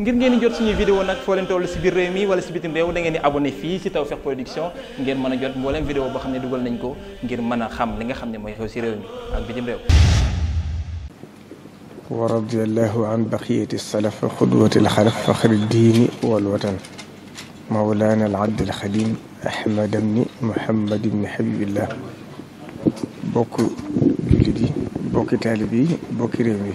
ngir ngeen di jot suñuy vidéo nag foo leen toll si biir réew mi wala si bitim réew da ngeen di abonné fii si Tawfekh Production ngeen mën a jot mbooleem vidéo boo xam ne dugal nañ ko ngir mën a xam li nga xam ne mooy xew si réew mi ak bitim réew wa radiallahu an baqiyati salaf wa xudwati alxalaf faxri diini walwatan mawlana al abd al xadim ahmad ibni muhammad ibni habibillah bokk jullit bokki taalib yi bokki réew mi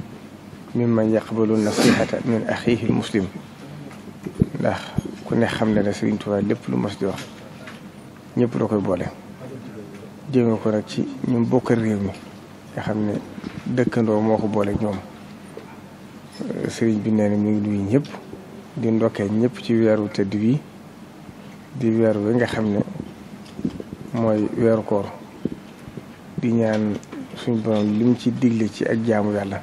mimman yaqbalu nasihata min axihi al muslim ndax ku ne xam ne ne Sëriñ Tuubaa lépp lu mos di wax ñëpp doo koy boole jëmee ko nag ci ñu bokk réew mi nga xam ne dëkkandoo moo ko boole ñoom sëriñ bi nee na mi ngi ñëpp di ndokkee ñëpp ci weeru tëdd wi di weer wi nga xam ne mooy weeru koor di ñaan suñ borom lim ci digle ci ak jaamu yàlla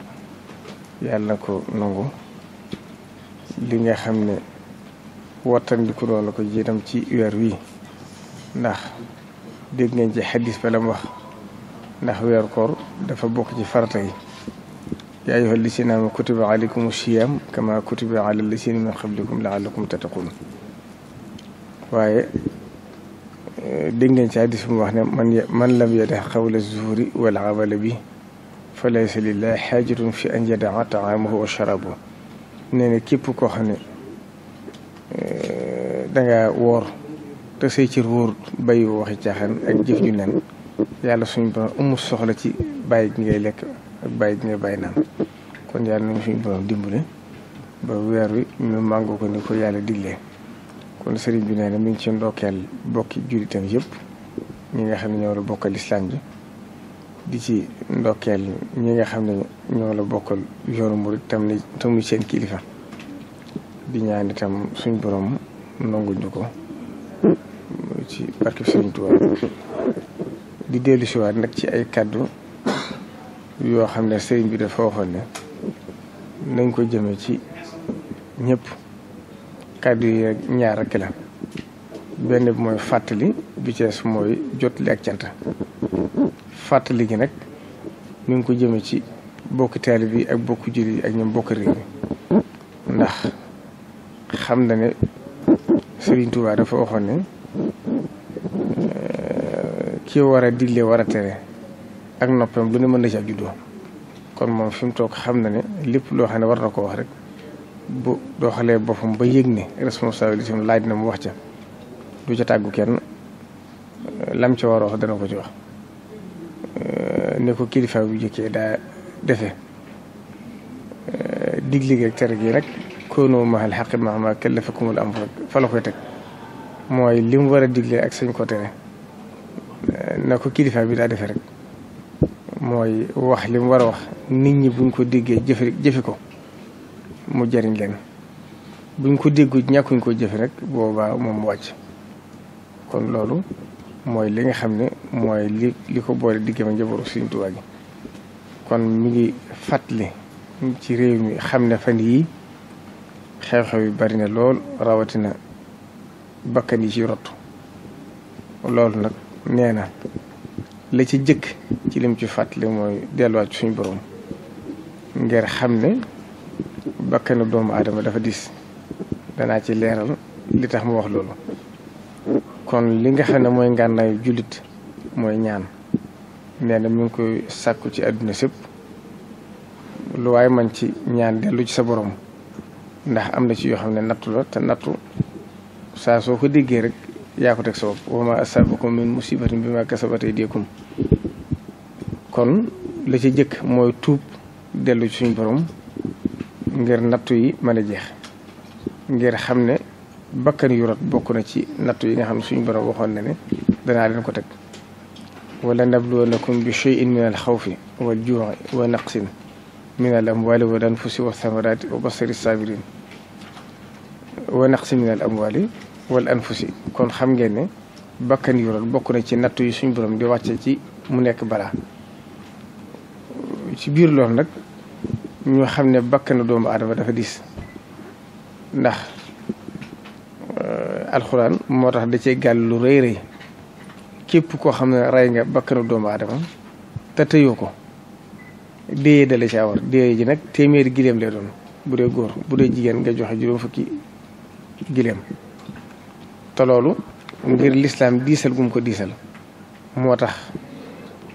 yàlla na ko nangu li nga xam ne wattandiku doon na ko jiitam ci weer wi ndax dégg ngeen ci xadis ba la mu wax ndax weer koor dafa bokk ci farata yi yaa ayyuha lisina aamanu kutiba alaykum siyaam kama kutiba ala lisina min qablikum laallakum tattaqun waaye eh, dégg ngeen ci xadis mu wax ne man man lam yada xawla zuhuri wal amala bi fa laysa lillahi xaajatun fi an yadaa taamahu wa sharabu nee na képp koo xam ne eh, danga woor te say cër wóor bàyyi waxi caaxaan ak jëf ju nen yàlla suñu borom amul soxla ci bàyyi gi ngay lekk ak bàyyi gi ngay bàyyi naan kon yàlla nañu suñu borom dimbale ba weer wi ñu màngo ko ni ko yàlla diglee kon sëriñ bi nee na mi ngi ci ndokkeel bokki jullitam yëpp ñu nga xam ne ñoo la bokkal islam ji di ci ndokkeel ñi nga xam ne ñoo la bokkal yoonu murit tam ni tamuy seen kilifa di ñaan itam suñ borom nanguñu ko ci barke Sëriñ nag ci ay kàddu yoo xam ne sëriñ bi dafa ne nañ ko jëme ci ñëpp kàddu ñaar rekk la benn bi mooy fàttali bi cees mooy jot li ak cant fàttali gi nag ñu ngi ko jëme ci bokki taalib bi ak bokki jullit yi ak ñoom bokk réew mi ndax xam na ne Sëriñ Tuubaa dafa waxoon ne euh, ki war a digle war a tere ak noppam lu ne mën na ci ab juddoo kon moom fi mu toog xam na ne lépp loo xam ne war na ko wax rek bu doxalee boppam ba yëg ne responsabilité laaj na mu wax ca du ca tàggu kenn lam ca war a dana ko ci wax ne ko kilifa bu jëkkee daa defe eh, digle gi ak tere gi rek koonoo mahal xaqi mahama kallafakumul am fa la koy teg mooy li war a digle ak sañ ko tere eh, na ko kilifa bi daa defe rek mooy wax li war a wax nit ñi buñ ko diggee jëfe jëfe ko mu jariñ leen buñ ko déggu ñàkkuñ ko jëfe rek boobaa moom mu wàcc kon loolu mooy li nga xam ne mooy li li ko boole diggam njaboru Sëriñ Tuubaa gi kon mu ngi fàttali ci réew mi xam ne fan yii xew-xew yi bari na lool rawatina bakkan yi ci rot loolu nag nee na la ci jëkk ci lim ci fàttali mooy delluwaat suñu boroom ngir xam ne bakkanu doomu aadama dafa diis danaa ci leeral li tax mu wax loolu kon li nga xam ne mooy ngànnaayu jullit mooy ñaan nee na mi ngi koy sàkku ci àdduna sépp lu waaye man ci ñaan dellu ci sa borom ndax am na ci yoo xam ne nattu la te nattu saa soo ko déggee rek yaa ko teg sa bopp wa ma asabakum min musibatin bi ma kasabat aydikum kon la ci jëkk mooy tuub dellu ci suñ boroom ngir nattu yi mën a jeex ngir xam ne bakkan yu bokk na ci nattu yi nga xam ne suñu borom waxoon na ne danaa ko teg wala nabluwannakum bi cheyin min al xawfi wal wal anfusi wa thamarati wa basari sabirin wa naqsin min al kon xam ngeen ne bakkan yu rot bokk ci nattu yi suñu borom di wàcce ci mu nekk balaa ci biir loolu nag ñu xam ne bakkanu doomu aadama dafa diis ndax alxuraan moo tax da cee gàll lu rëy rëy képp koo xam ne rey nga bakkanu doomu aadama te tëyoo ko déyee dale ci awar déyee ji nag téeméeri gileem lay doon bu dee góor bu dee jigéen nga joxe juróom fukki gileem te loolu ngir lislaam diisal gum ko diisal moo tax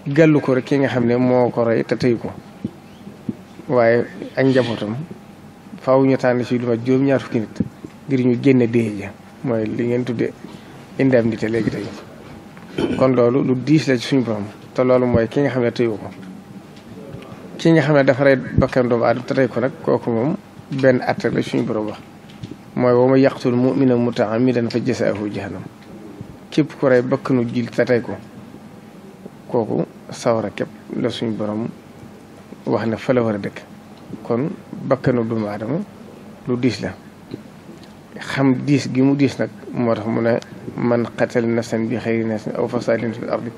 gàllu ko rek ki nga xam ne moo ko rey te tëyu ko waaye ak njabootam faaw ñu tànn ci lu ma juróom-ñaar fukki nit ngir ñu génne déyee ja mooy li ngeen tudde indemnité léegi tey kon loolu lu diis la suñu borom te loolu mooy ki nga xam ne tëyu ko ki nga xam ne dafa rey bakkan doomu aadama ko nag kooku moom benn at suñu borom wax mooy wa ma yaqtul mu'mina mutaamidan fa jasaahu jahannam képp ku rey bakkanu jil te tey ko kooku sawara képp suñu borom wax ne fa war a dëkk kon bakkanu doomu aadama lu diis la xam diis gi mu diis nag moo tax mu ne man xatal nafsan bi xëyri nafsin aw fasadin fil ardi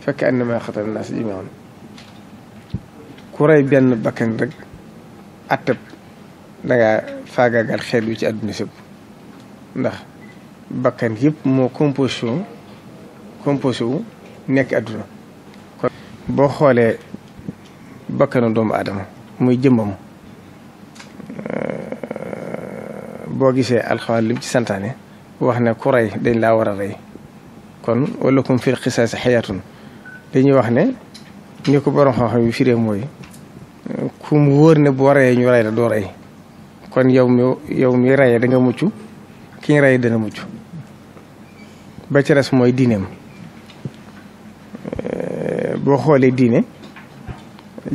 fekk annama xatal naas jamiian ku rey benn bakkan rek attab dangaa faagaagal xeet wi ci àdduna sëpp ndax bakkan yëpp moo composé wu composé wu nekk àdduna kon boo xoolee bakkanu doomu aadama muy jëmbamu boo gisee alxuraan lim ci santaane wax ne ku rey dañ laa war a rey kon wala kum fil xisaasi xayaatun dañuy wax ne ni ko borom xam-xam yu firee mooy ku mu wóor ne boo reyee ñu rey la doo rey kon yow mi yow mi reyee da nga mucc ki ñu reyee dana mucc ba ci res mooy diineem boo xoolee diine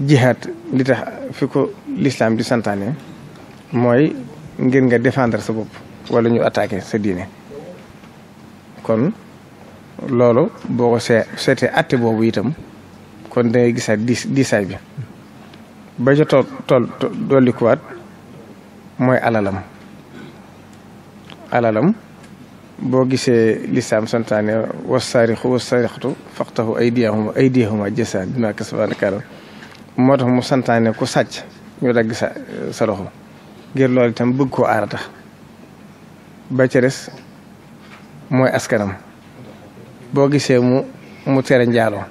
jihaat li tax fi ko lislaam di santaane mooy ngir nga défendre sa bopp wala ñu attaqué sa diine kon loolu boo ko see seetee atte boobu itam kon da ngay gisaat diisaay bi ba ca tool tool dollikuwaat mooy alalam alalam boo gisee lislaam santaane wasaarixu wasaarixatu faqtahu aydiyahuma aydiyahuma jasa bima kasabana karam moo tax mu santaane ku sàcc ñu dagg sa sa loxo ngir loolu itam bëgg ko aar tax ba ca mooy askanam boo gisee mu mu tere njaaloo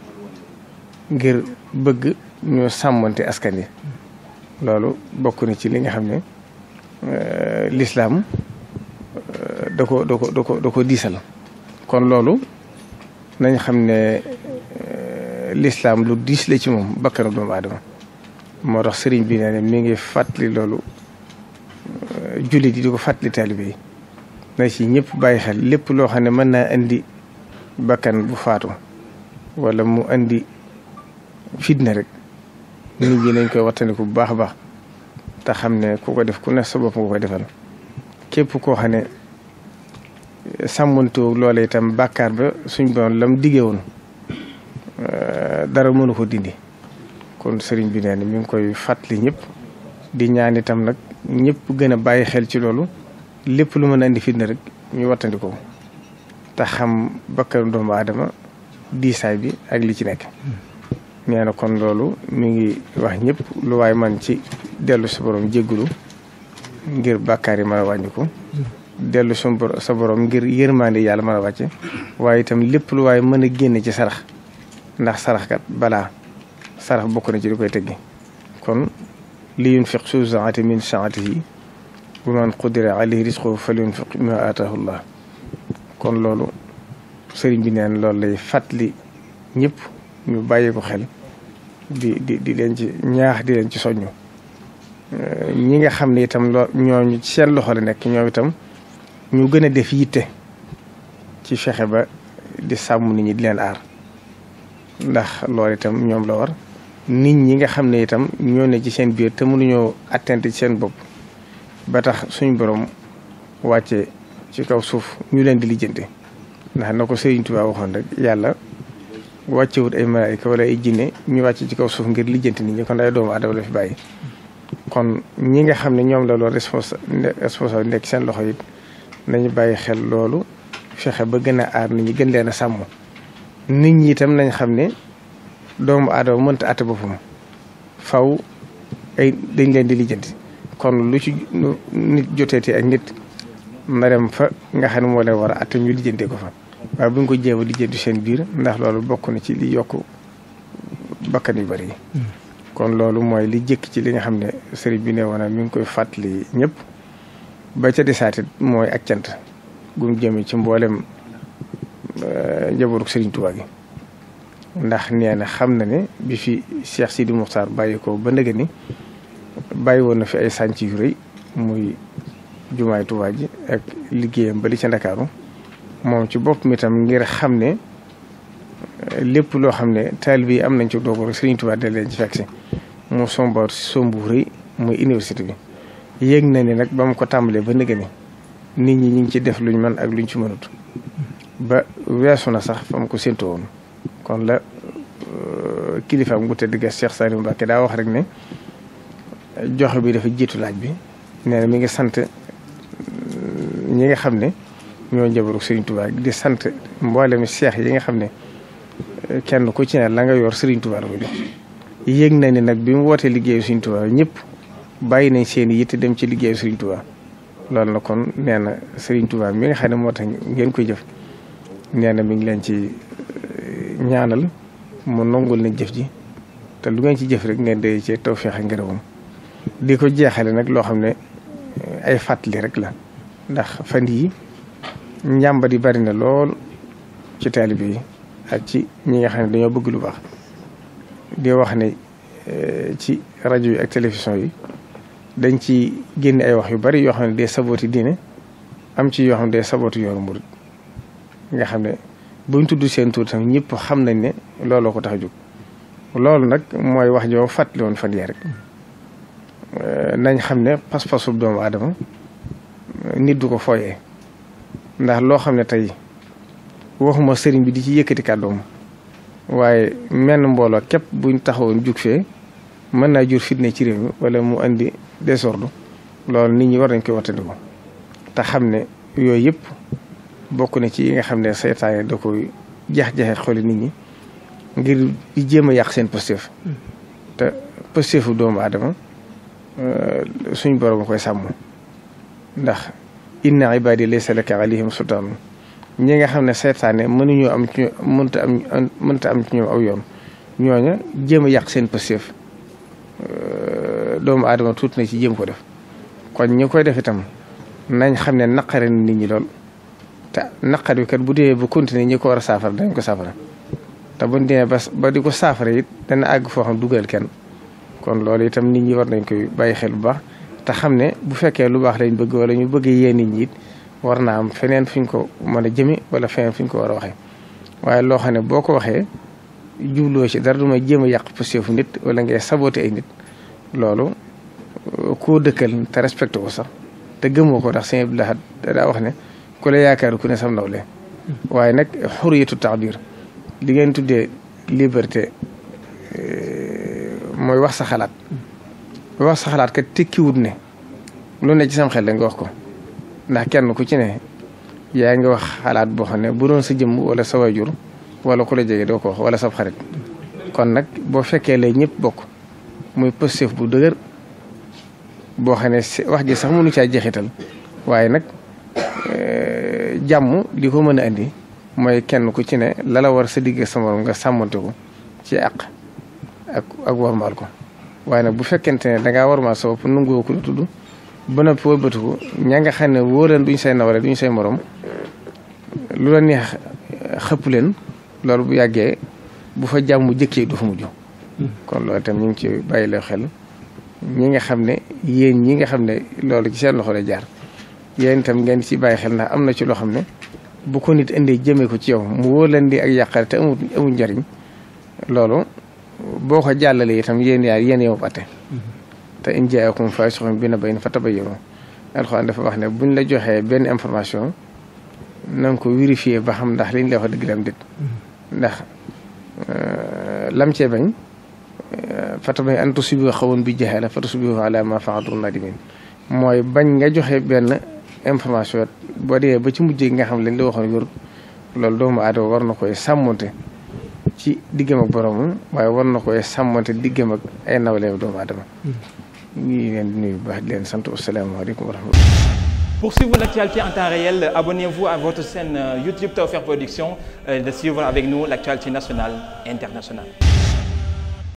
ngir bëgg ñu sàmmante askan yi loolu bokk na ci li nga xam ne euh, lislaam euh, da ko da ko da ko diisal kon loolu nañ xam ne euh, lislaam lu diis la ci moom bakkanu doomu aadama moo tax sëriñ bi nee ne mi ngi fàttali loolu jullit yi di ko fàttali taalibe yi na ci ñëpp bàyyi xel lépp loo xam ne mën naa indi bakkan bu faatu walla mu indi fitna rek nit ñi nañ koy wattandiku bu baax a baax te xam ne ku ko def ku ne sa bopp nga koy defal képp koo xam ne sàmmantoo loola itam bàkkaar ba suñ borom lam diggee woon euh, dara mënu ko dindi kon sëriñ bi nee na mi ngi koy fàttali ñëpp di ñaan itam nag ñëpp gën a bàyyi xel ci loolu lépp lu mën a indi fitna rek ñu wattandi ko xam bakkanu doomu aadama diisaay bi ak li ci nekk. nee na kon loolu mu ngi wax ñëpp lu waay man ci dellu sa borom jéggulu ngir bàkkaar yi mën dellu sa sa borom ngir yërmaande yàlla mën a wàcce waaye itam lépp lu waay mën a génne ci sarax ndax saraxkat balaa sarax bokk na ci li koy tëggi kon li yunfiq su saati min saatihi bu man qudira alayhi li fal yunfiq ma aatahu la kon loolu sëriñ bi neen loolu lay fàttali ñëpp ñu bàyyi ko xel di di di leen ci ñaax di leen ci soññu ñi nga xam ne itam loo ñooñu ci seen loxo la nekk ñoom itam ñu gën a def yitte ci fexe ba di sàmm nit ñi di leen aar ndax lool itam ñoom la war nit ñi nga xam ne itam ñoo ne ci seen biir te mënuñoo atteinte ci seen bopp ba tax suñ boroom wàcce ci kaw suuf ñu leen di lijjanti ndax na ko Sëriñ Tuubaa waxoon rek yàlla wàccewut ay malaayika wala ay jinne ñu wàcce ci kaw suuf ngir lijjanti nit ñi kon ay doomu fi bàyyi kon ñi nga xam ne ñoom la loolu responsable nekk seen loxo yit nañu bàyyi xel loolu fexe ba gën a aar nit ñi gën leen a sàmm nit ñi itam nañ xam ne doomu aadama mënta àtte boppam faw ay dañ leen di lijjanti kon lu ci nit joteeti ak nit na dem fa nga xam ne moo leen war a àtte ñu lijjantee ko fa waaye bu ñu ko jéem a lijjanti seen biir ndax loolu bokk na ci li yokk bakkan yu bari hmm. kon loolu mooy li jëkk ci li nga xam ne sëriñ bi ne woon mi ngi koy fàttali ñëpp ba ca desaatit mooy ak cant gum jëme ci mboolem euh, njabootu sëriñ Tuubaa gi ndax nee na xam na ne bi fi Cheikh Sidi Moukhtar bàyyi ko ba ndege ni bàyyi woon na fi ay sànc yu rëy muy jumaay Tuubaa ji ak liggéeyam ba li ca Ndakaaru moom ci bopp mi tam ngir xam ne lépp loo xam ne taalibe yi am nañ ci doog rek Sëriñ Tuubaa da leen ci fekk si mu somboor sombu rëy muy université bi yéeg na ne nag ba mu ko tàmbalee ba ndege ni nit ñi ñu ngi ci def luñ mën ak luñ ci mënut ba weesu na sax fa mu ko séntoo woon kon la euh, kilifaam gu tedd ga Cheikh Saliou Mbacké daa wax rek ne joxe bi dafa jiitu laaj bi nee mi ngi sant euh, ñi nga xam ne ñoo njabaru Serigne Touba di sant mboole mboolemi seex yi nga xam ne euh, kenn ku ci ne la nga yor Serigne Touba la ko nañ ne nag bi mu wootee liggéeyu Serigne Touba ñëpp bàyyi nañ seen i dem ci liggéeyu Serigne Touba loolu na kon nee na Serigne Touba mi nga xam ne moo tax ngeen koy jëf nee mi ngi leen ci ñaanal mu nongul ne jëf ji te lu ngeen ci jëf rek ngeen day cee tawféex ak ngërëmam di ko jeexale nag loo xam ne eh, ay fàttali rek la ndax fa yi njàmba di bari na lool ci taalibe yi ak ci ñi nga xam ne dañoo bëgg lu baax di wax ne eh, ci rajo yi ak télévision yi dañ ci génne ay wax yu bari yoo xam ne day sabooti diine am ci yoo xam ne day sabooti yoonu murit nga xam ne buñ tudd seen tuur tamit xam nañ ne looloo ko tax a jóg loolu nag mooy wax joo fàttali woon fan yee rek euh, nañ xam ne pas-pasu doomu aadama nit du ko fooyee ndax loo xam ne tey waxuma sëriñ bi di ci yëkkati kàddoom waaye menn mbooloo képp buñ taxawoon jug fee mën naa jur fitne ci réew mi wala mu indi désordre loolu nit ñi war nañ koy wattandiku te xam ne yooyu yëpp bokk na ci yi nga xam ne seytaane da koy jax-jaxet xooli nit ñi ngir di jéem a yàq seen pëstéef te pëstéefu doomu aadama euh, suñ borom sàmm ndax inna ibadi laysa laka alayhim sultaan ñi nga xam ne seytaane mënuñoo am ci mënta am mënta am ci ñoom yoon ñooña jéem a yàq seen pëstéef euh, doomu aadama tuuti na ci jéem ko def kon ñi koy def itam nañ xam ne naqare nit ñi lool te naqar wi kat bu dee bu continuer ñi ko war a saafara dañ ko saafara te buñ demee ba ba di ko saafara it dana àgg foo xam dugal kenn kon loolu itam nit ñi war nañ koy bàyyi xel bu baax te xam ne bu fekkee lu baax lañ bëgg wala ñu bëgg yee nit ñi war na am feneen fuñ ko mën a jëme wala feneen ñu ko war a waxee waaye loo xam ne boo ko waxee jubloo ci dara du ma jéem a yàq position nit wala ngay saboté ay nit loolu koo dëkkal te respecté ko sax te gëmoo ko ndax sëñ Abdou Lahad wax ne ku la yaakaar ku ne sam nawle waaye nag xuriyatu taabir li ngeen tuddee liberté eh, mooy wax sa xalaat wax sa xalaat ne lu ne ci sam xel wax ko ndax kenn ku ci ne yaa ngi wax xalaat boo xam ne bu doon sa jëmm wala sa wajur wala ku la jege doo ko wax wala sab xarit kon nag boo fekkee lay ñëpp bokk muy positif bu dëgër boo xam ne wax ji sax mënu caa jeexital waaye nag Eh, jàmm li ko mën a indi mooy kenn ku ci ne lala war sa digg sa morom nga sàmmante ko ci àq ak ak warmaal ko waaye nag bu fekkente ne dangaa warmaal sa bopp nungoo ko la tudd ba noppi wëlbatu xam ne wóor leen duñ say nawale duñ say morom lu la neex xëpp leen loolu bu yàggee bu fa jàmm jëkkee du fa mujj kon loolu itam ñu ngi ci bàyyi loo xel ñi nga xam ne yéen ñi nga xam ne loolu ci seen loxo la jaar yéen itam ngeen ci bàyyi xel ndax am na ci loo xam ne bu ko nit indee ko ci yow mu wóolandi ak yàqare loolu boo ko jàllalee itam yéen yaar yéen yow atte mm-hmm. te wax ne buñ la joxee benn information na nga ko vérifier ba xam ndax liñ la wax dëgg la am déet mm-hmm. ndax euh, lam cee bañ euh, fatabay an tusibu xawoon bi jahaala fa tusbihu ala ma fa'altum nadimin mooy bañ nga joxe benn information ba dee ba ci mujjee nga xam lañ la waxoon yor loolu doomu aadama war na koy sàmmante ci diggam ak boromam waaye war na koy sàmmante diggam ak ay nawleem doomu aadama mm-hmm. ñu ngi leen di nuyu bu baax di leen sant asalaamaaleykum wa rahmatulah. Pour suivre l'actualité en temps réel, abonnez-vous à votre chaîne euh, YouTube Tawfekh Production euh, et de suivre avec nous l'actualité nationale internationale.